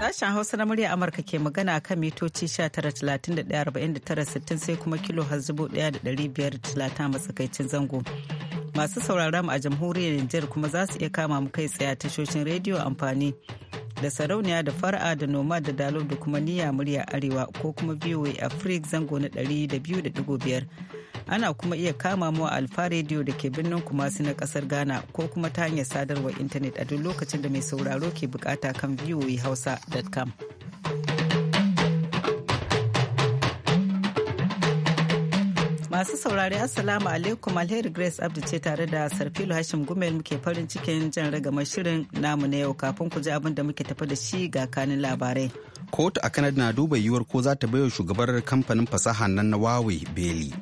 Sashen Hausa na murya Amurka ke magana a kan mitoci 19,31,49,60 sai kuma kilo hazzubu 1,530 matsakaicin zango. Masu sauraron mu a jamhuriyar Nijar kuma za su iya kama mu kai tsaye tashoshin rediyo amfani da sarauniya da fara'a da noma da dalo da kuma niyya murya arewa ko kuma voa afrik zango na 200.5 ana kuma iya kama mu alfa rediyo da ke birnin kumasi na kasar ghana ko kuma ta hanyar sadarwar intanet a duk lokacin da mai sauraro ke bukata kan hausa.com Masu saurari Assalamu alaikum Alheri Grace Abdu ce tare da Sarfilo Hashim Gumel muke farin cikin jan ragama shirin namu na yau kafin ku ji abin da muke tafi da shi ga kanin labarai. Kotu a Kanada na duba yiwuwar ko za ta baiwa shugabar kamfanin fasaha nan na Huawei Bailey.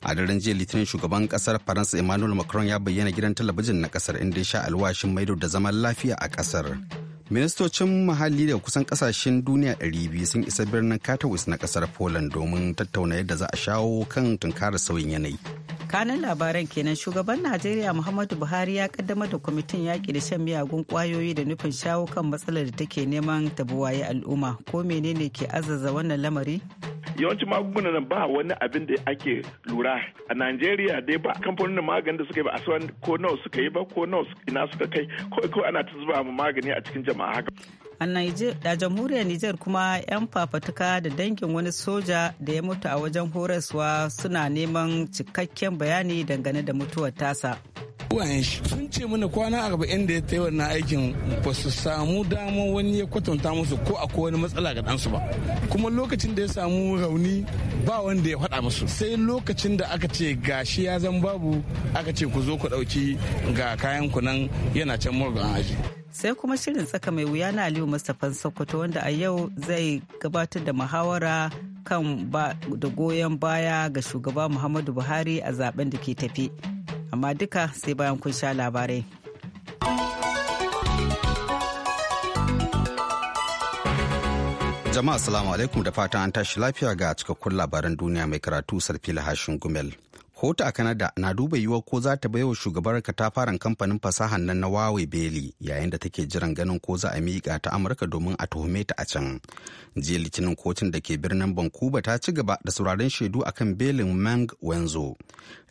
A daren jiya Litinin shugaban kasar Faransa Emmanuel Macron ya bayyana gidan talabijin na kasar inda ya sha alwashin maido da zaman lafiya a kasar. ministocin muhalli da kusan kasashen duniya 200 sun isa birnin katowice na kasar poland domin tattauna yadda za a shawo kan tunkarar sauyin yanayi kanan labaran kenan shugaban najeriya muhammadu buhari ya ƙaddamar da kwamitin yaƙi da shan miyagun ƙwayoyi da nufin shawo kan matsalar da take neman buwaye al'umma ko menene ke azaza wannan lamari yawancin magungunan nan ba wani abin da ake lura a Najeriya dai ba kamfanin maganin da suka yi ba a san ko nawa suka yi ba ko nawa ina suka kai ko ana ta zuba mu magani a cikin jama'a haka a jamhuriyar niger kuma 'yan fafatuka da dangin wani soja da ya mutu a wajen horaswa suna neman cikakken bayani dangane da mutuwar tasa. uwayen shi sun ce mana kwana arba'in da ya ta yi aikin ba su samu dama wani ya kwatanta musu ko akwai wani matsala ga dansu ba kuma lokacin da ya samu rauni ba wanda ya faɗa musu sai lokacin da aka ce gashi ya zan babu aka ce ku zo ku ɗauki ga kayan ku nan yana can murgan aji sai kuma shirin tsaka mai wuya na aliyu mustapha sokoto wanda a yau zai gabatar da muhawara kan da goyon baya ga shugaba muhammadu buhari a zaben da ke tafi amma duka sai bayan kun sha labarai. Jama'a salamu alaikum da fatan an tashi lafiya ga cikakkun labaran duniya mai karatu sarfila hashin gumel. Kotu a Kanada na duba yiwuwa ko za ta baiwa shugabar katafaren kamfanin fasahan nan na Huawei Beli yayin da take jiran ganin ko za a miƙa ta Amurka domin a tuhume ta a can. Jiya litinin kotun da ke birnin bankuba ta ci gaba da sauraron shaidu akan belin Meng Wenzo.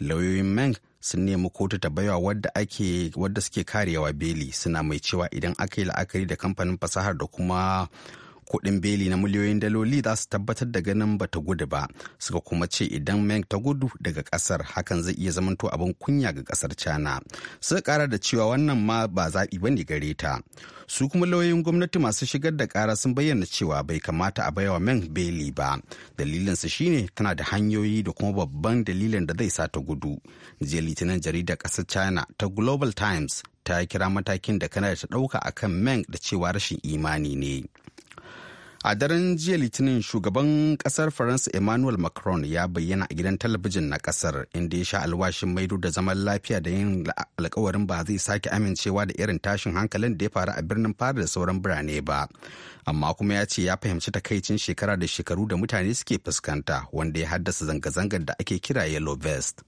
Lauyoyin Meng sun nemi kotu ta baiwa wadda ake wadda suke karewa beli suna mai cewa idan aka yi la'akari da kamfanin fasahar da kuma kuɗin beli na miliyoyin daloli za su tabbatar da ganin bata gudu ba suka kuma ce idan meng ta gudu daga ƙasar hakan zai iya zamanto abin kunya ga ƙasar china suka kara da cewa wannan ma ba zaɓi ne gare ta su kuma lauyoyin gwamnati masu shigar da kara sun bayyana cewa bai kamata a baiwa meng beli ba dalilinsu shine tana da hanyoyi da kuma babban dalilin da zai sa ta gudu jiya litinin jaridar ƙasar china ta global times ta kira matakin da kanada ta ɗauka akan meng da cewa rashin imani ne. a daren jiya litinin shugaban kasar faransa emmanuel macron ya bayyana a gidan talabijin na kasar inda ya sha alwashin maido da zaman lafiya da yin alkawarin ba zai sake amincewa da irin tashin hankalin da ya faru a birnin fara da sauran birane ba amma kuma ya ce ya fahimci takaicin shekara da shekaru da mutane suke fuskanta wanda ya haddasa zanga-zangar da ake kira yellow vest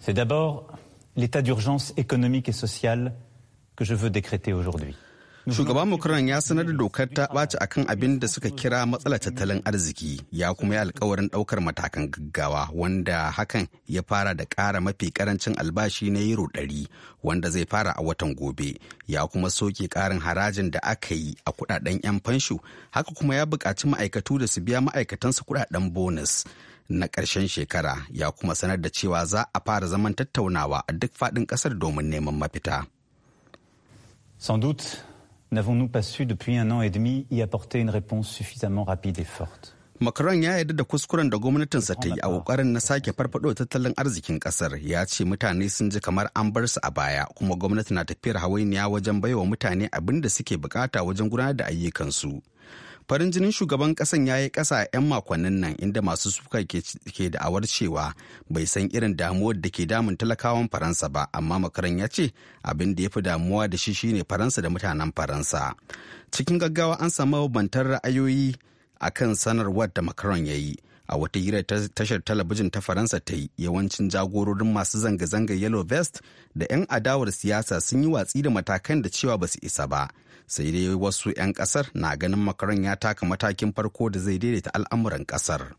C'est d'abord l'état d'urgence économique et sociale que je veux décréter aujourd'hui. Shugaban Macron ya sanar da dokar ta ɓaci akan abin da suka kira matsalar tattalin arziki ya kuma yi alkawarin ɗaukar matakan gaggawa wanda hakan ya fara da ƙara mafi ƙarancin albashi na euro ɗari wanda zai fara a watan gobe ya kuma soke ƙarin harajin da aka yi a kuɗaɗen 'yan fansho haka kuma ya buƙaci ma'aikatu da su biya ma'aikatansu kuɗaɗen bonus. na ƙarshen shekara ya kuma sanar da cewa za a fara zaman tattaunawa a duk faɗin ƙasar domin neman mafita. N'avons-nous pas su depuis un an et demi y apporter une réponse suffisamment rapide et forte Macron ya yarda da kuskuren da gwamnatinsa ta yi a kokarin na sake farfaɗo tattalin arzikin kasar ya ce mutane sun ji kamar an bar su a baya kuma gwamnati na tafiyar hawainiya wajen baiwa mutane abin da suke bukata wajen gudanar da ayyukansu farin jinin shugaban kasan ya yi kasa a 'yan makonnin nan inda masu suka ke da'awar cewa bai san irin damuwar da ke damun talakawan faransa ba amma makaran ya ce abin da ya fi damuwa da shi shine faransa da mutanen faransa cikin gaggawa an samu bantar ra'ayoyi a kan sanarwar da makaran ya yi a wata hira tashar talabijin ta faransa ta yi yawancin jagororin masu zanga-zangar yellow vest da 'yan adawar siyasa sun yi watsi da matakan da cewa ba su isa ba sai dai wasu 'yan kasar na ganin makaron ya taka matakin farko da zai daidaita al'amuran kasar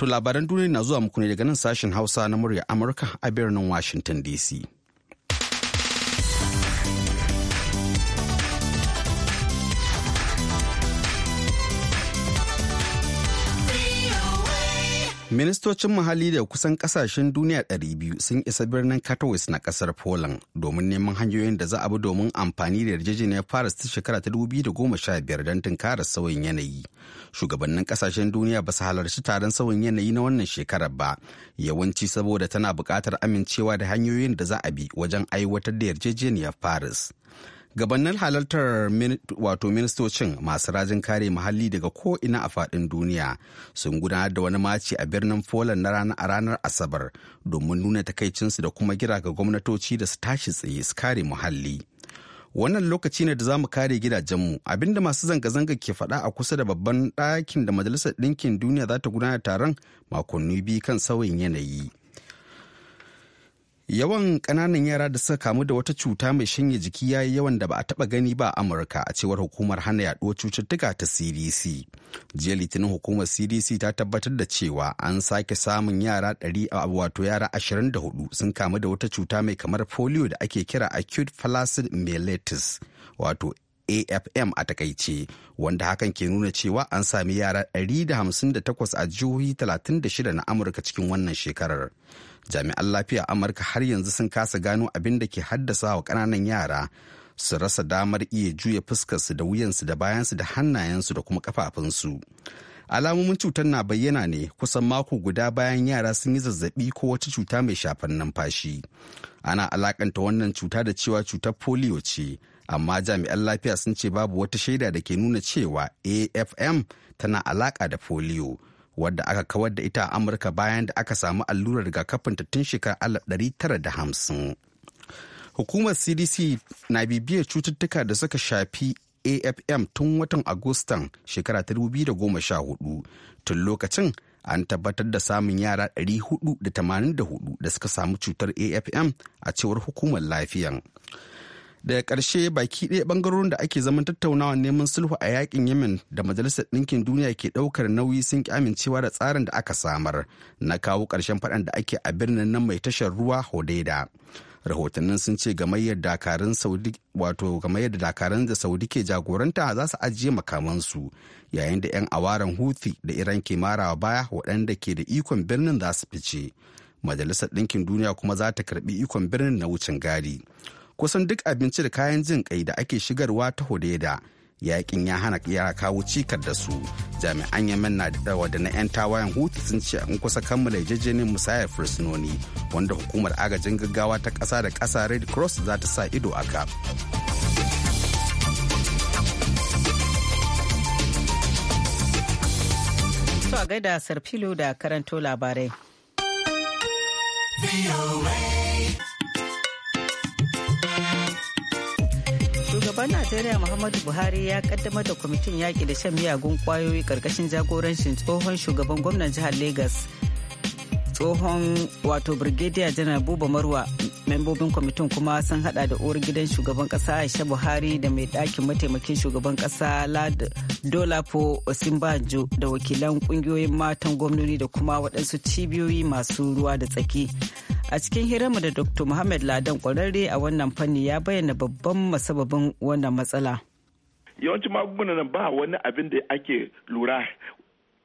to labaran duniya na zuwa muku ne daga nan sashen hausa na murya amurka a birnin washington dc Ministocin muhalli da kusan kasashen duniya 200 sun isa birnin Katowice na kasar Poland domin neman hanyoyin da za a bi domin amfani da yarjejeniyar Paris ta shekara ta 2015 don tunkarar sauyin yanayi. Shugabannin kasashen duniya ba su halarci taron sauyin yanayi na wannan shekarar ba, yawanci saboda tana buƙatar amincewa da hanyoyin da za a bi wajen aiwatar da yarjejeniyar Paris. Gabannin halartar wato ministocin masu rajin kare muhalli daga ko'ina a faɗin duniya sun gudanar da wani maci a birnin poland na ranar ranar asabar domin nuna takaicinsu da kuma gira ga gwamnatoci da su tashi tsaye su kare muhalli wannan lokaci ne da za mu kare gidajenmu abinda masu zanga-zanga ke faɗa a kusa da babban ɗakin da majalisar ɗinkin duniya za ta gudanar taron makonni biyu kan sauyin yanayi yawan kananan yara da suka kamu da wata cuta mai shanye jiki ya yi yawan da ba a taɓa gani ba a amurka a cewar hukumar hana yaɗuwar cututtuka ta cdc jiya litinin hukumar cdc ta tabbatar da cewa an sake samun yara 100 wato yara 24 sun kamu da wata cuta mai kamar polio da ake kira acute flaccid mellitus wato afm a takaice wanda hakan ke nuna cewa an sami yara 158 a jihohi 36 na amurka cikin wannan shekarar jami'an lafiya amurka har yanzu sun kasa gano abin da ke haddasa wa ƙananan yara su rasa damar iya juya fuskarsu da wuyansu da bayansu da hannayensu da kuma kafafunsu alamomin cutar na bayyana ne kusan mako guda bayan yara sun yi zazzabi ko wata cuta mai shafan numfashi ana alakanta wannan cuta da cewa cutar polio ce amma jami'an lafiya sun ce babu wata shaida da ke nuna cewa afm tana alaka da polio wadda aka kawar da ita a amurka bayan da aka samu allurar rigakafin tun shekarar 1950 hukumar cdc na bibiyar cututtuka da suka shafi afm tun watan agustan shekara 2014 tun lokacin an tabbatar da samun yara 484 da suka samu cutar afm a cewar hukumar lafiyan daga ƙarshe baki ɗaya ɓangarorin da ake zaman tattaunawa neman sulhu a yakin yemen da majalisar ɗinkin duniya ke ɗaukar nauyi sun ki amincewa da tsarin da aka samar na kawo ƙarshen faɗan da ake a birnin nan mai tashar ruwa hodeida rahotannin sun ce gamayyar dakarun saudi wato gamayyar da dakarun da saudi ke jagoranta za su ajiye makamansu yayin da 'yan awaran huthi da iran ke marawa baya waɗanda ke da ikon birnin za su fice majalisar ɗinkin duniya kuma za ta karɓi ikon birnin na wucin gadi kusan duk abinci da kayan jin kai da ake shigarwa ta hodeda yakin ya hana yara kawo cikar da su jami'an yamen na da na 'yan tawayen hutu sun ce an kusa kammala yarjejeniyar musayar fursunoni wanda hukumar agajin gaggawa ta kasa da kasa red cross za ta sa ido a a gaida sarfilo da karanto labarai Shugaban Najeriya Muhammadu Buhari ya kaddamar da kwamitin yaƙi da shan miyagun kwayoyi ƙarƙashin jagorancin tsohon shugaban gwamnan jihar Legas. Tsohon wato Brigadier Janar Buba Marwa membobin kwamitin kuma sun hada da uwar gidan shugaban kasa Aisha Buhari da mai dakin mataimakin shugaban ƙasa Dolapo Osinbajo da wakilan kungiyoyin matan gwamnoni da kuma waɗansu cibiyoyi masu ruwa da tsaki. a cikin mu da dr muhammad ladan kwararre a wannan fanni ya bayyana babban masababin wannan matsala yawanci magungunan ba wani abin da ake lura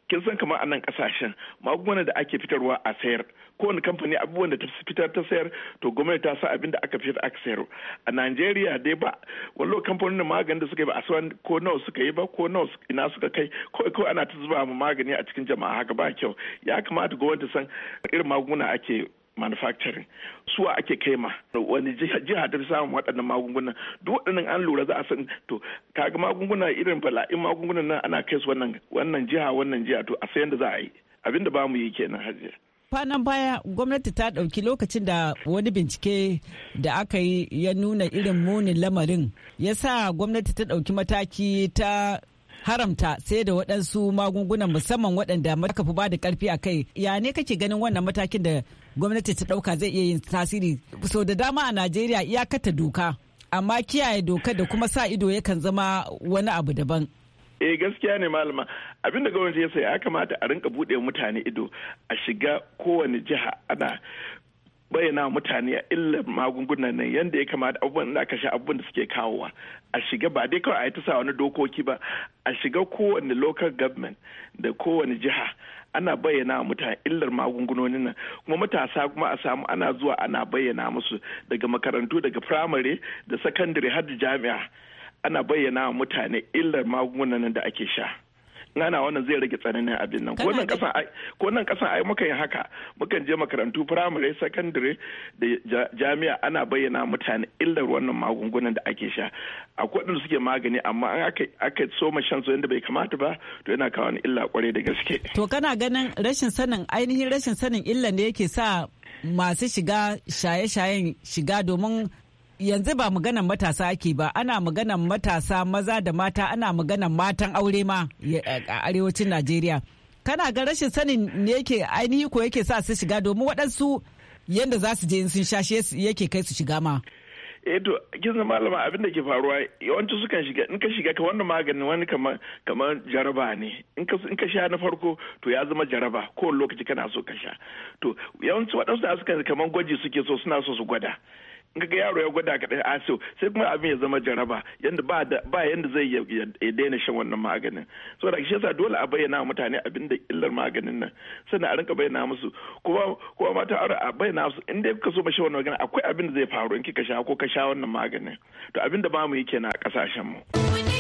kin san kamar anan kasashen magungunan da ake fitarwa a sayar kowane kamfani abubuwan da ta fitar ta sayar to gwamnati ta sa abin da aka fitar aka sayar a Najeriya dai ba wallo kamfanin maganin da suka yi ba a ko nawa suka yi ba ko nawa ina suka kai ko ko ana ta zuba mu magani a cikin jama'a haka ba kyau ya kamata gwamnati san irin magunguna ake manufacturing su ake kaima wani jiha ta samun waɗannan magungunan duk waɗannan an lura za a san to kaga magunguna irin bala'in magungunan nan ana kai su wannan wannan jiha wannan jiha to a sayan da za a yi abinda ba mu yi kenan hajiya kwanan baya gwamnati ta ɗauki lokacin da wani bincike da aka yi ya nuna irin munin lamarin ya sa gwamnati ta ɗauki mataki ta haramta sai da waɗansu magungunan musamman waɗanda makafi ba da ƙarfi a kai ya ne kake ganin wannan matakin da gwamnati ta ɗauka zai iya yin tasiri sau da dama a najeriya iyakata doka amma kiyaye doka da kuma sa ido yakan zama wani abu daban eh gaskiya ne malama abin da gwamnati ya saya ya kamata a rinka buɗe mutane ido a shiga kowane jiha ana bayyana mutane a illar magungunan nan yadda ya kamata abubuwan da aka sha abubuwan da suke kawowa a shiga ba dai kawai a yi ta sa wani dokoki ba a shiga kowane local government da kowane jiha ana bayyana wa mutane illar magungunonin nan kuma matasa kuma a samu ana zuwa ana bayyana musu daga makarantu daga firamare da sakandare har da jami'a ana bayyana wa mutane illar magungunan da ake sha. nana wannan zai rage tsananin abin nan ko nan kasan ai ko nan kasan ai muka yi haka mukan je makarantu primary secondary da jami'a ana bayyana mutane illar wannan magungunan da ake sha a wadanda suke magani amma an aka aka soma shan su inda bai kamata ba to yana kawo ni illa kwarai da gaske to kana ganin rashin sanin ainihin rashin sanin illan da yake sa masu shiga shaye-shayen shiga domin yanzu ba maganan matasa ake ba ana maganan matasa maza da mata ana maganan matan aure ma a arewacin najeriya kana ga rashin sanin ne yake ainihi ko yake sa su shiga domin waɗansu yadda za su je sun sha shi yake kai su shiga ma eh gizna malama abin da ke faruwa yawanci sukan shiga in ka shiga ka wani magani wani kamar kamar jaraba ne in ka in ka sha na farko to ya zama jaraba ko lokaci kana so ka sha to yawanci waɗansu da suka kamar gwaji suke so suna so su gwada ga yaro ya gwada ka a so sai kuma abin ya zama jaraba yadda ba ba yadda zai ya daina shan wannan maganin so da shi yasa dole a bayyana mutane abin da illar maganin nan sannan a rinka bayyana musu kuma kuma mata a bayyana musu in dai ka so ba shan wannan maganin akwai abin da zai faru in kika sha ko ka sha wannan maganin to abin da ba mu yi kenan a kasashen mu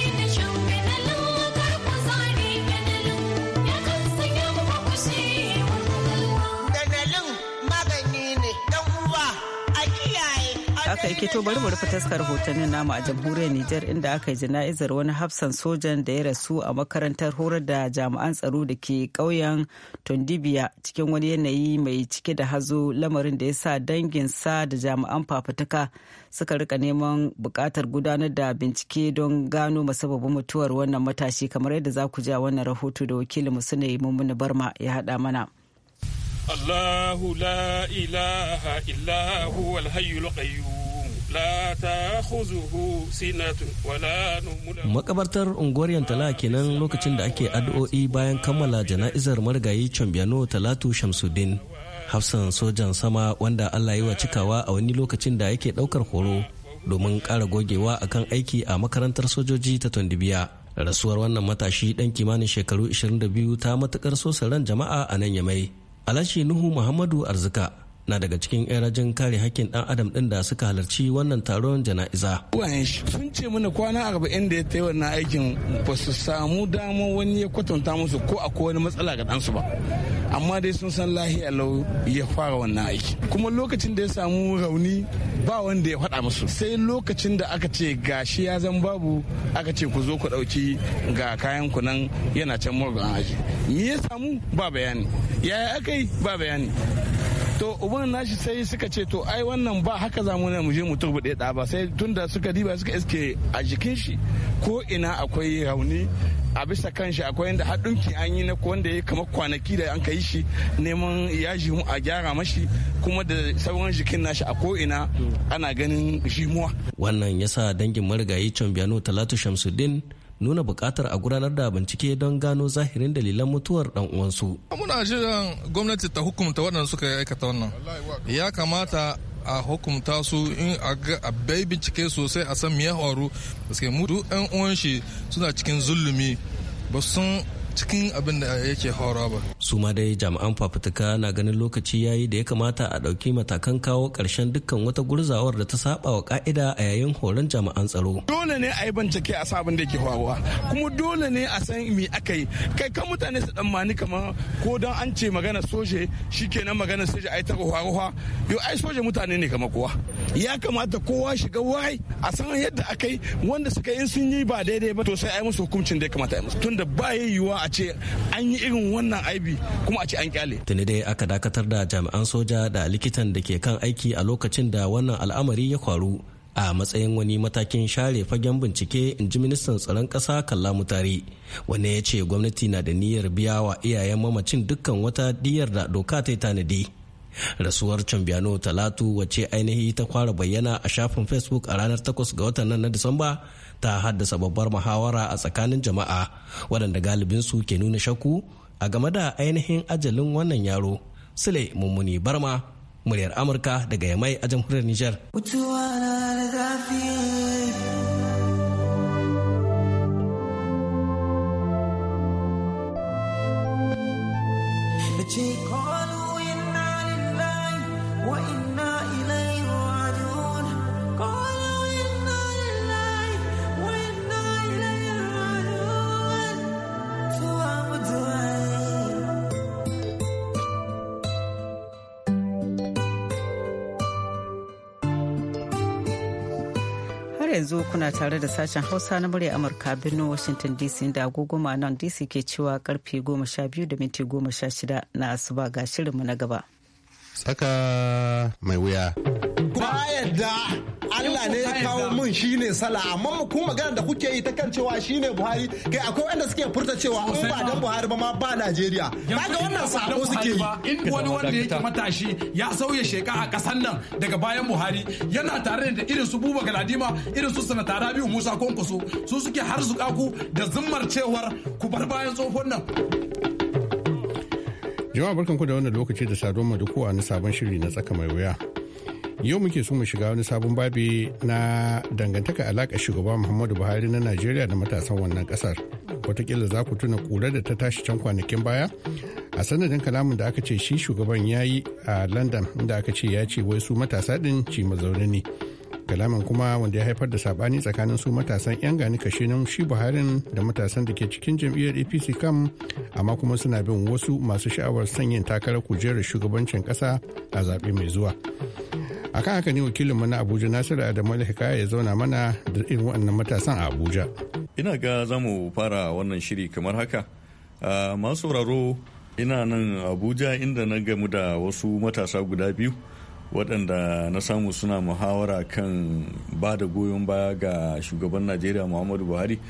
haka to bari mu rufe taskar hotonin namu a jamhuriyar Nijar inda aka yi jana'izar wani hafsan sojan da ya rasu a makarantar horar da jami'an tsaro da ke ƙauyen Tondibiya cikin wani yanayi mai cike da hazo lamarin da ya sa danginsa da jami'an fafutuka suka rika neman buƙatar gudanar da bincike don gano masababin mutuwar wannan matashi kamar yadda za ku ji a wannan rahoto da wakilinmu yi Mummuna Barma ya haɗa mana. Allahu la ilaha illahu alhayyul qayyum makabartar unguwar yantala kenan lokacin da ake addu'o'i bayan kammala jana'izar marigayi cambiano talatu shamsuddin hafsan sojan sama wanda allah yi wa cikawa a wani lokacin da yake daukar horo domin ƙara gogewa a kan aiki a makarantar sojoji ta tondibiya rasuwar wannan matashi dan kimanin shekaru 22 ta matukar sosa ran jama'a a nan yamai alashi nuhu muhammadu arzika na daga cikin rajin kare hakkin dan adam din da suka halarci wannan taron jana'iza. Uwayen sun ce mana kwana arba'in da ya ta wannan aikin ba su samu dama wani ya kwatanta musu ko akwai wani matsala ga ɗansu ba. Amma dai sun san lahiya lau ya fara wannan aiki. Kuma lokacin da ya samu rauni ba wanda ya faɗa musu. Sai lokacin da aka ce gashi ya zan babu aka ce ku zo ku ɗauki ga kayan ku nan yana can murgan aji. Me ya samu ba bayani. Yaya aka yi ba bayani. to uban shi sai suka ce to ai wannan ba haka za mu je mu da ɗa ba sai tunda suka diba suka iske a jikin shi ko ina akwai rauni a bisa kan shi akwai yadda haɗinki an yi na wanda ya kama kwanaki da an kai shi neman ya jimu a gyara mashi kuma da sauran jikin nashi a ko ina ana ganin jimuwa. wannan yasa dangin marigayi cambiano talatu shamsuddin nuna buƙatar a gudanar da bincike don gano zahirin dalilan mutuwar dan uwansu. Muna shirin gwamnati ta hukumta waɗanda suka aikata wannan. Ya kamata a hukumta su in a ga bai bincike sosai a san ya faru suke mutu yan uwan shi suna cikin zulumi ba sun cikin abin da yake horo ba. su ma dai jami'an fafutuka na ganin lokaci yayi da ya kamata a ɗauki matakan kawo ƙarshen dukkan wata gurzawar da ta saba wa ka'ida a yayin horon jami'an tsaro dole ne a yi bincike a sabon da ke faruwa kuma dole ne a san me aka yi kai kan mutane su dan mani kamar ko dan an ce magana soje shikenan magana soje ai ta faruwa yo ai soje mutane ne kamar kowa ya kamata kowa shiga wai a san yadda aka yi wanda suka yi sun yi ba daidai ba to sai ai musu hukuncin da ya kamata ai musu tunda ba yiwuwa a ce an yi irin wannan aibi kuma a ci an kyale tuni dai aka dakatar da jami'an soja da likitan da ke kan aiki a lokacin da wannan al'amari ya faru a matsayin wani matakin share fagen bincike in ji ministan tsaron ƙasa kalla mutari wanda ya ce gwamnati na da niyyar biya wa iyayen mamacin dukkan wata diyar da doka ta tanadi rasuwar cambiano talatu wace ainihi ta kwara bayyana a shafin facebook a ranar 8 ga watan nan na disamba ta haddasa babbar muhawara a tsakanin jama'a waɗanda galibinsu ke nuna shakku a game da ainihin ajalin wannan yaro sule mummuni barma muryar amurka daga yamai a jamhuriyar nijar. tare da sashen Hausa na murya Amurka birnin Washington DC da agogoma nan DC ke cewa karfe 12 da minti 16 na asuba ga shirinmu na gaba. Tsaka mai wuya. Ba Allah ne ya kawo mun ne sala amma kuma magana da kuke yi ta kan cewa shi ne Buhari kai akwai wanda suke furta cewa in ba dan Buhari ba ma ba Najeriya kaga wannan sako suke yi in wani wanda yake matashi ya sauya sheka a kasan nan daga bayan Buhari yana tare da irin su Buba Galadima irin su sanata Rabiu Musa Konkoso su suke harzuka ku da zummar cewar ku bar bayan tsohon nan jama'a barkanku da wannan lokaci da saduwar madukuwa na sabon shiri na tsaka mai wuya yau muke so mu shiga wani sabon babi na dangantaka alaƙa shugaba muhammadu buhari na najeriya da matasan wannan ƙasar watakila za ku tuna ƙura da ta tashi can kwanakin baya a sanadin kalamin da aka ce shi shugaban ya yi a london inda aka ce ya ce wai su matasa ɗin ci mazauni ne kalamin kuma wanda ya haifar da sabani tsakanin su matasan 'yan gani kashe nan shi buharin da matasan da ke cikin jam'iyyar apc kam amma kuma suna bin wasu masu sha'awar sanyin takarar kujerar shugabancin kasa a zaɓe mai zuwa akan haka ne wakilinmu na abuja nasiru adamu hikaya ya zauna mana da irin wannan matasan a abuja ina ga za mu fara wannan shiri kamar haka ah, masu sauraro ina nan abuja inda na gamu da wasu matasa guda biyu waɗanda na samu suna muhawara kan ba da goyon baya ga shugaban najeriya muhammadu buhari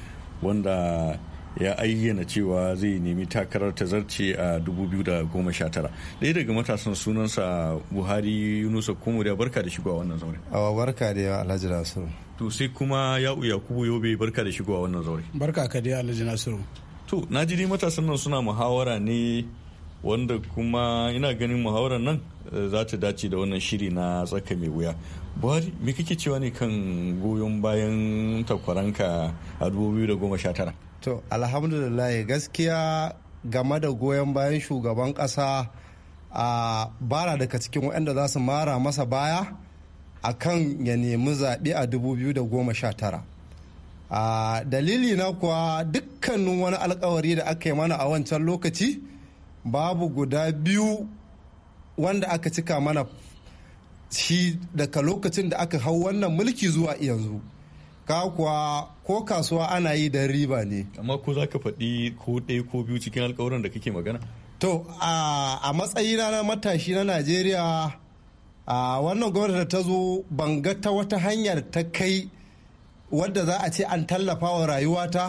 wanda ya ayyana cewa zai nemi takarar ta zarce a 2019 ɗaya daga matasan sunansa buhari yunusa da barka da shigowa wannan zaure awa barka da yawa alhaji nasiru to sai kuma ya'u yakubu yobe barka da shigowa wannan zaure barka ka da alhaji nasiru to na ji matasan nan suna muhawara ne wanda kuma ina ganin muhawarar nan eh, za ta dace da wannan shiri na tsaka mai wuya buhari me kake cewa ne kan goyon bayan takwaranka a 2019 to alhamdulillah gaskiya game da goyon bayan shugaban ƙasa a bara daga cikin waɗanda za su mara masa baya a kan ya nemi zaɓe a 2019 a dalili na kuwa dukkanin wani alkawari da aka yi mana a wancan lokaci babu guda biyu wanda aka cika mana shi daga lokacin da aka hau wannan mulki zuwa yanzu kakuwa kuwa ko kasuwa ana yi da riba ne amma ko za ka faɗi ko ɗaya ko biyu cikin alkawuran da kake magana to a matsayina na matashi na najeriya wannan gwamnati ta zo ban ga ta wata hanyar ta kai wadda za a ce an tallafa wa rayuwata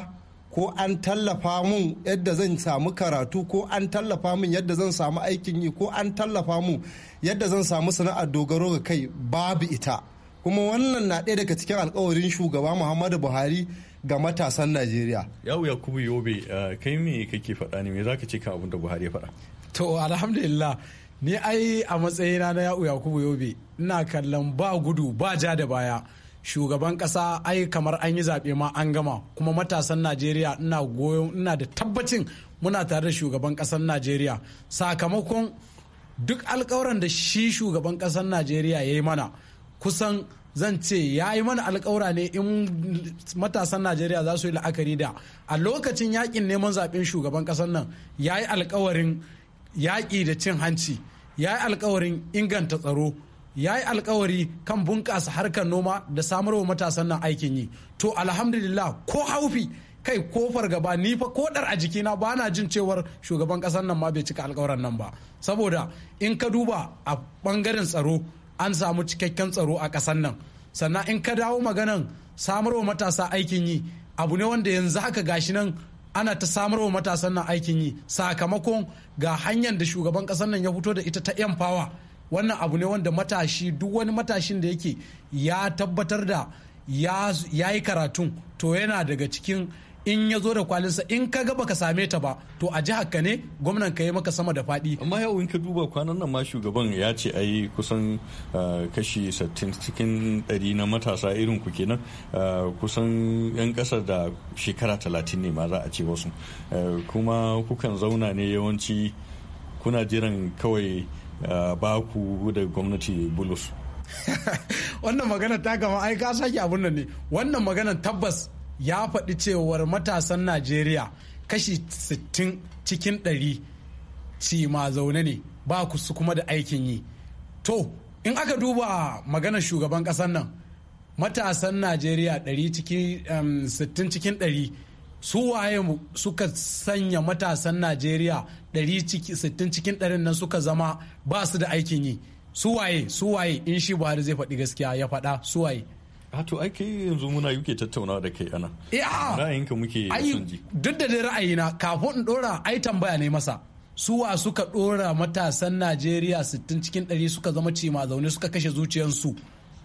ko an tallafa mun yadda zan samu karatu ko an tallafa mun yadda zan samu aikin yi ko an tallafa mun yadda zan samu sana'ar dogaro ga kai babu ita kuma wannan na ɗaya daga cikin alkawarin shugaba muhammadu buhari ga matasan najeriya yawu yakubu yobe eh, kai me kake faɗa ne me zaka ce ka abin da buhari ya faɗa to alhamdulillah ni ai a matsayina na yawu yakubu yobe ina kallon ba gudu ba ja da baya shugaban kasa ai kamar an yi zaɓe ma an gama kuma matasan najeriya ina goyon ina da tabbacin muna tare da shugaban ƙasar najeriya sakamakon duk alkawaran da shi shugaban ƙasar najeriya ya yi mana kusan zan ce ya yi mana alkawura ne in matasan najeriya za su yi la'akari da a lokacin yakin neman zaɓen shugaban ƙasar nan ya yi alkawarin yaƙi da cin hanci ya yi alkawarin inganta tsaro ya yi alkawari kan bunƙasa harkar noma da samar wa matasan nan aikin yi to alhamdulillah ko haufi kai kofar gaba ni fa kodar a jikina ba na jin cewar shugaban kasar nan ma bai cika alkawaran nan ba saboda in ka duba a bangaren tsaro an samu cikakken tsaro a ƙasar nan sannan in ka dawo maganan samarwa matasa aikin yi abu ne wanda yanzu haka gashi nan ana ta samarwa matasan nan aikin yi sakamakon ga hanyar da shugaban ƙasar nan ya fito da ita ta yan fawa wannan abu ne wanda matashi duk wani matashin da yake ya tabbatar da ya yi karatun to yana daga cikin in ya zo da kwalinsa in ka ga baka same ta ba to a jihar ka ne gwamnan ka yi maka sama da faɗi. amma yau in ka duba kwanan nan ma shugaban ya ce ai kusan ah, kashi 60 cikin 100 na matasa irin ku kenan ah, kusan yan kasa da shekara 30 ne ma za a ce wasu ah, kuma kukan zauna ne yawanci kuna jiran kawai baku da gwamnati bulus wannan magana ta gama ai ka sake abun nan ne wannan magana tabbas ya faɗi cewar matasan najeriya kashi 60 cikin 100 ci ma zaune ne ba ku su kuma da aikin yi to in aka duba maganar shugaban ƙasar nan matasan najeriya 60 cikin 100 su waye suka sanya matasan najeriya 60 cikin 100 nan suka zama ba su da aikin yi su waye su waye in shi buhari zai faɗi gaskiya ya faɗa su waye Ah, to ai kai yanzu muna yuke tattaunawa da kai ana eh, ah. ra'ayinka muke son ji duk da dai ra'ayina kafin in dora ai tambaya ne masa wa suka dora matasan najeriya 60 cikin 100 suka zama cima zaune suka kashe zuciyarsu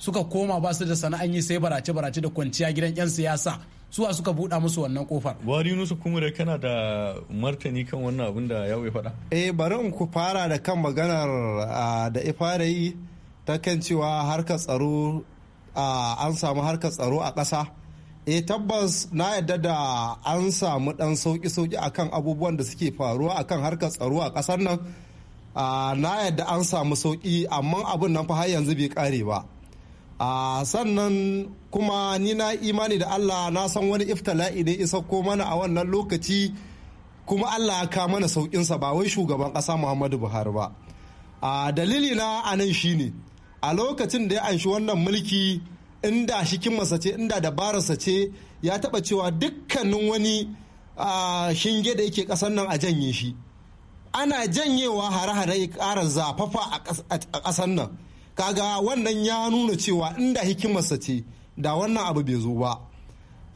suka koma ba su da sana'an yi sai barace barace da kwanciya gidan yan siyasa su wa suka buɗa musu wannan kofar. Wari Yunusu kuma da kana da martani kan wannan abin da ya faɗa? Eh bari in ku fara da kan maganar ah, da ifarayi yi ta kan cewa harkar tsaro an samu harkar tsaro a ƙasa e tabbas na yadda da an samu ɗan sauƙi-sauƙi akan abubuwan da suke faruwa akan harkar tsaro a ƙasar nan na yadda an samu sauƙi amma abin nan fa har yanzu bai ƙare ba sannan kuma ni na imani da allah na san wani iftala'i ne isa ko mana a wannan lokaci kuma allah ya ka mana sauƙinsa ba wai shugaban ƙasa muhammadu buhari ba dalili na anan shine a lokacin da ya anshi wannan mulki inda masa ce inda dabararsa ce ya taba cewa dukkanin wani shinge da yake kasan nan a janye shi ana janyewa hare-hare ya ƙara zafafa a ƙasan nan kaga wannan ya nuna cewa inda hikimarsa ce da wannan abu bai zo ba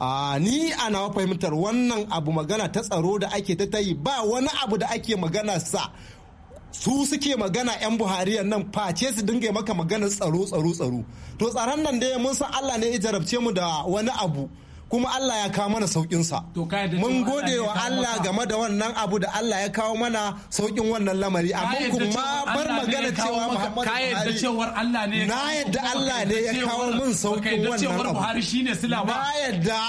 a ni ana fahimtar wannan abu magana ta tsaro da ake ta tayi ba wani abu da ake magana sa su suke magana 'yan buhariyan nan face su dinga maka magana tsaro tsaro tsaro to tsaron nan dai mun san allah ne ya jarabce mu da wani abu kuma Allah ya kawo mana saukinsa. Mun gode wa Allah game da wannan abu da Allah ya kawo mana saukin wannan lamari. Amma kuma bar magana cewa Muhammadu Buhari. Na yadda Allah ne ya kawo min saukin wannan abu. Na yadda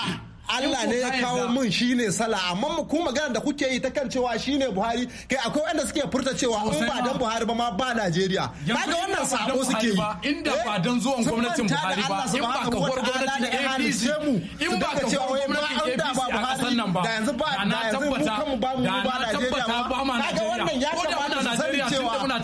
Allah ne ya kawo mun ne sala amma mu ku magana da kuke yi ta kan cewa shine Buhari kai akwai wanda suke furta cewa in ba dan Buhari ba ma ba Najeriya kaga wannan sabo suke yi inda ba dan eh, zuwan gwamnatin Buhari ba in ba ka hor gwamnatin APC in ba ka cewa gwamnatin APC ma an da ba da yanzu ba da yanzu mu kanmu ba mu ba Najeriya ba kaga wannan ya kamata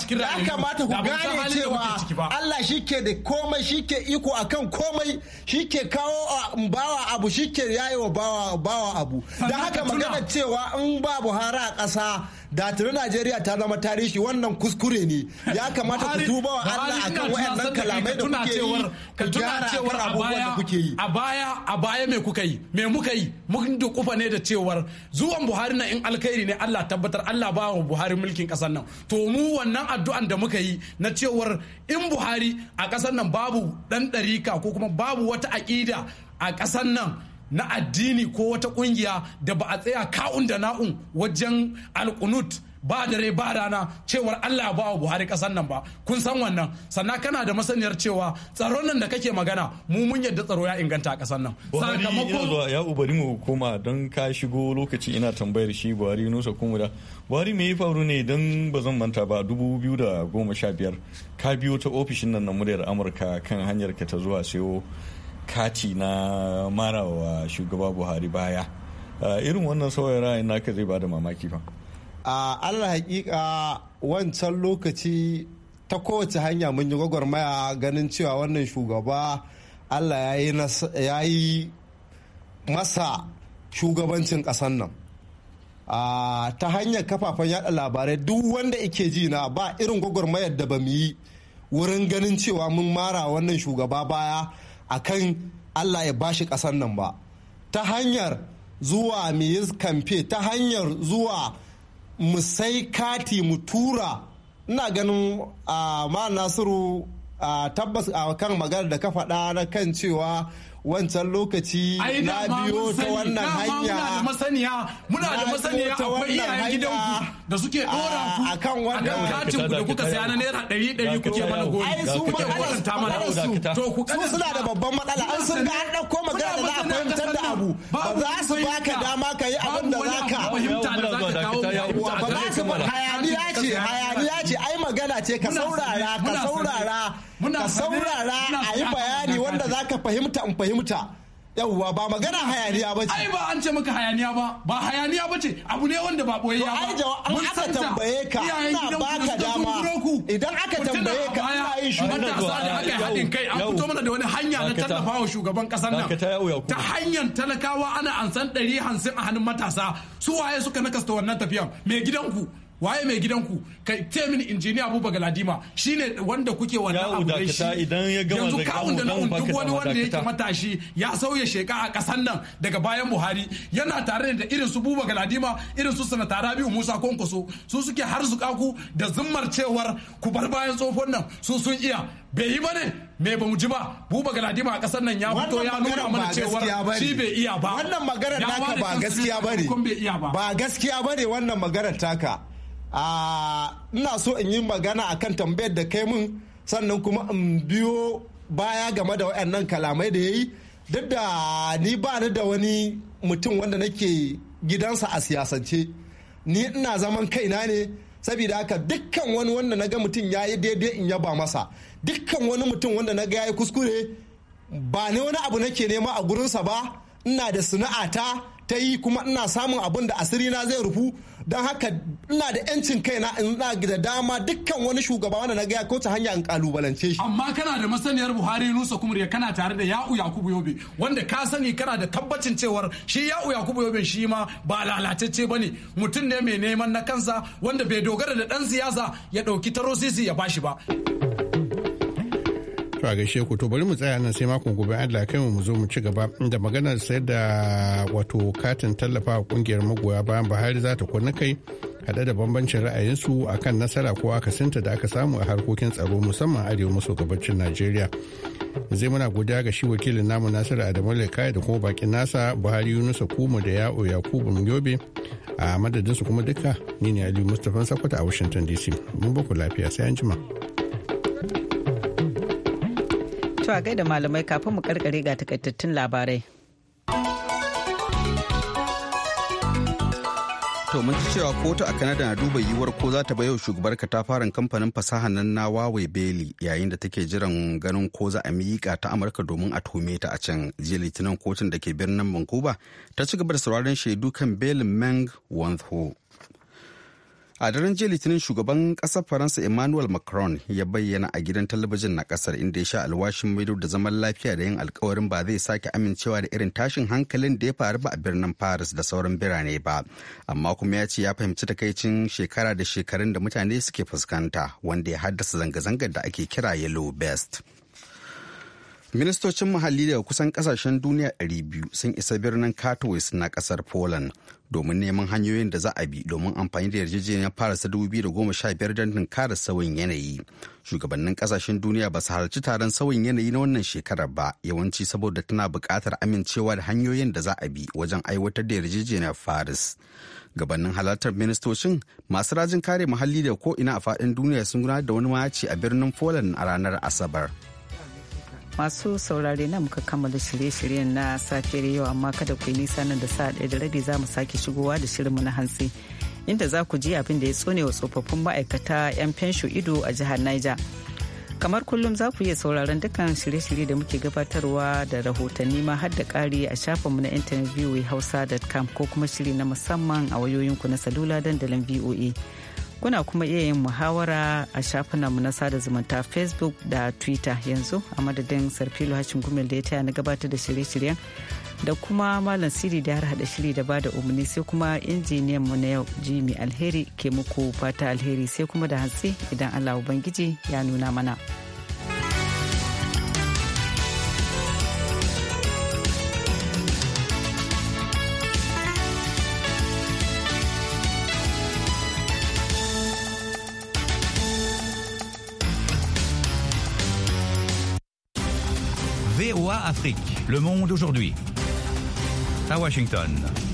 cikin rayuwa ya kamata ku gane cewa Allah shike da komai shike iko akan komai shike kawo bawa abu shike yayi wa bawa abu da haka magana cewa in ba Buhari a ƙasa da tuni Najeriya ta zama tarihi wannan kuskure ne ya kamata ku tuba wa Allah akan wayannan kalamai da kuke yi ka tuna cewar a baya a baya a baya me kuka yi me muka yi mun dukufa ne da cewar zuwan Buhari na in alkhairi ne Allah tabbatar Allah ba wa Buhari mulkin kasar nan to mu wannan addu'an da muka yi na cewar in Buhari a kasar nan babu dan ɗarika ko kuma babu wata aƙida a kasar nan na addini ko wata kungiya da ba a tsaya ka'un da na'un wajen alkunut ba dare ba rana cewar Allah ba wa Buhari kasan nan ba kun san wannan sannan kana da masaniyar cewa tsaron nan da kake magana mu mun yadda tsaro ya inganta a kasan nan sakamakon zuwa ya ubari mu hukuma don ka shigo lokaci ina tambayar shi Buhari Nusa da Buhari me ya faru ne don ba zan manta ba sha biyar ka biyo ta ofishin nan na muryar Amurka kan hanyar ka ta zuwa sayo kati na marawa shugaba buhari baya eh, irin wannan sauyin ra'ayin naka zai ba da mamaki ba a allah hakika wancan lokaci ta kowace hanya mun yi gwagwarmaya ganin cewa wannan shugaba allah ya yi masa shugabancin ƙasan nan ta hanyar kafafen yada labarai duk wanda ike ji na ba irin gwagwarmayar da ba mu yi wurin ganin cewa mun mara wannan shugaba baya akan allah ya bashi ƙasar nan ba ta hanyar zuwa miyiz kamfe ta hanyar zuwa mu sai kati mu tura ina ganin a ah, ma nasiru ah, tabbas a ah, kan magana da ka faɗa na kan cewa wancan lokaci na biyo ta wannan hanya muna da masaniya akwai iyayen gidanku da suke dora ku akan wannan katin ku da kuka saya na naira ɗari ɗari kuke mana gori ai su ba karanta mana to ku kada suna da babban matsala an sun ga an dauko magana da za a fahimtar da abu ba za su baka dama ka yi abin da ka fahimta da ka kawo ba za su hayaniya ce hayaniya ce ai magana ce ka saurara ka saurara ka saurara a yi bayani wanda za ka fahimta in fahimta yawwa ba magana hayaniya ba ce ai ba an ce maka hayaniya ba ba hayaniya ba ce abu ne wanda ba boyayya ba ai jawa an aka tambaye ka ina ka dama idan aka tambaye ka ina yin shugaban kasa da aka haɗin kai an fito mana da wani hanya na tallafa wa shugaban kasan nan ta hanyar talakawa ana ansan ɗari hamsin a hannun matasa su waye suka nakasta wannan tafiyan mai gidanku waye mai gidanku kai temin min injiniya Abuba Galadima shine wanda kuke wannan abu da shi idan ya gama yanzu kawun da nan duk wani wanda yake matashi ya sauya sheka a kasan nan daga bayan Buhari yana tare da irin su Buba Galadima irin su sanata Rabiu Musa Konkoso su suke su ku da zummar cewar ku bar bayan tsofon nan su sun iya bai yi bane me ba mu ji ba buba galadima a kasan nan ya fito ya nuna mana cewar shi bai iya ba wannan maganar naka ba gaskiya bane ba gaskiya bane wannan maganar taka ina so in yi magana akan tambayar da kai mun sannan kuma in biyo baya game da waɗannan kalamai da ya yi duk da ni ba ni da wani mutum wanda nake gidansa a siyasance ni ina zaman kaina ne saboda haka dukkan wani wanda naga mutum ya yi daidai in yaba masa dukkan wani mutum wanda naga ya yi kuskure ba ne wani abu nake nema a gurinsa ba ina da sana'a ta yi kuma ina samun abin da asiri na zai rufu don haka ina da yancin kaina in na da dama dukkan wani shugaba wanda na gaya ko ta hanya in kalubalance shi amma kana da masaniyar buhari nusa kumurya kana tare da ya'u yakubu yobe wanda ka sani kana da tabbacin cewar shi ya'u yakubu yobe shi ma ba lalatacce bane ne mutum ne mai neman na kansa wanda bai dogara da dan siyasa ya ɗauki tarosisi ya bashi ba. To a gaishe ku to bari mu tsaya nan sai makon gobe Allah kai mu zo mu ci gaba da maganar sai da wato katin tallafa a kungiyar magoya bayan Buhari za ta kunna kai hade da bambancin ra'ayinsu a kan nasara ko akasinta da aka samu a harkokin tsaro musamman arewa maso gabacin najeriya zai muna godiya ga shi wakilin namu nasiru adamu Lekai da kuma bakin nasa buhari yunusa kuma da ya'o yakubu Ngobe a su kuma duka ni ne aliyu mustapha sakwata a washington dc mun baku lafiya sai anjima. jima. To a gaida malamai kafin mu karkare ga takaitattun labarai. To mun ci cewa kotu a Kanada na duba yiwuwar ko za ta yau shugabar fara kamfanin fasaha nan na Huawei Bailey yayin da take jiran ganin ko za a miƙa ta Amurka domin a tume ta a can. Jiya Litinin kotun da ke birnin Vancouver ta ci gaba da sauraron shaidu kan Bailey Meng Wanzhou. a daren jiya litinin shugaban kasar faransa emmanuel macron ya bayyana a gidan talabijin na kasar inda ya sha alwashin maido da zaman lafiya da yin alkawarin ba zai sake amincewa da irin tashin hankalin da ya faru ba a birnin paris da sauran birane ba amma kuma ya ce ya fahimci takaicin shekara da shekarun da mutane suke fuskanta wanda ya haddasa zanga-zangar da ake kira yellow best. ministocin muhalli daga kusan kasashen duniya 200 sun isa birnin katowice na kasar poland domin neman hanyoyin da za a bi domin amfani da yarjejeniyar paris 2015 don ninkara sauyin yanayi shugabannin kasashen duniya ba su halarci taron sauyin yanayi na wannan shekarar ba yawanci saboda tana buƙatar amincewa da hanyoyin da za a bi wajen aiwatar da yarjejeniyar paris gabanin halartar ministocin masu rajin kare muhalli da ko ina a faɗin duniya sun gudanar da wani maci a birnin poland a ranar asabar masu saurare na muka kammala shirye-shiryen na safiyar yau amma kada ku yi nisa nan da sa ɗaya da rabi za mu sake shigowa da shirinmu na hantsi inda za ku ji abin da ya tsone wa tsofaffin ma'aikata 'yan fensho ido a jihar niger kamar kullum za ku iya sauraron dukkan shirye-shirye da muke gabatarwa da rahotanni ma har da ƙari a shafinmu na intanet voahausa.com ko kuma shiri na musamman a wayoyinku na salula dandalin voa kuna kuma iya yin muhawara a shafinanmu na sada zumunta facebook da twitter yanzu a madadin sarfilo hashin gumel da ya taya na gabatar da shirye-shiryen da kuma malam siri da har hada shiri da ba da umarni sai kuma injiniyan mu na yau jimmy alheri ke muku fata alheri sai kuma da hantsi idan allah ubangiji ya nuna mana. Afrique. Le monde aujourd'hui. À Washington.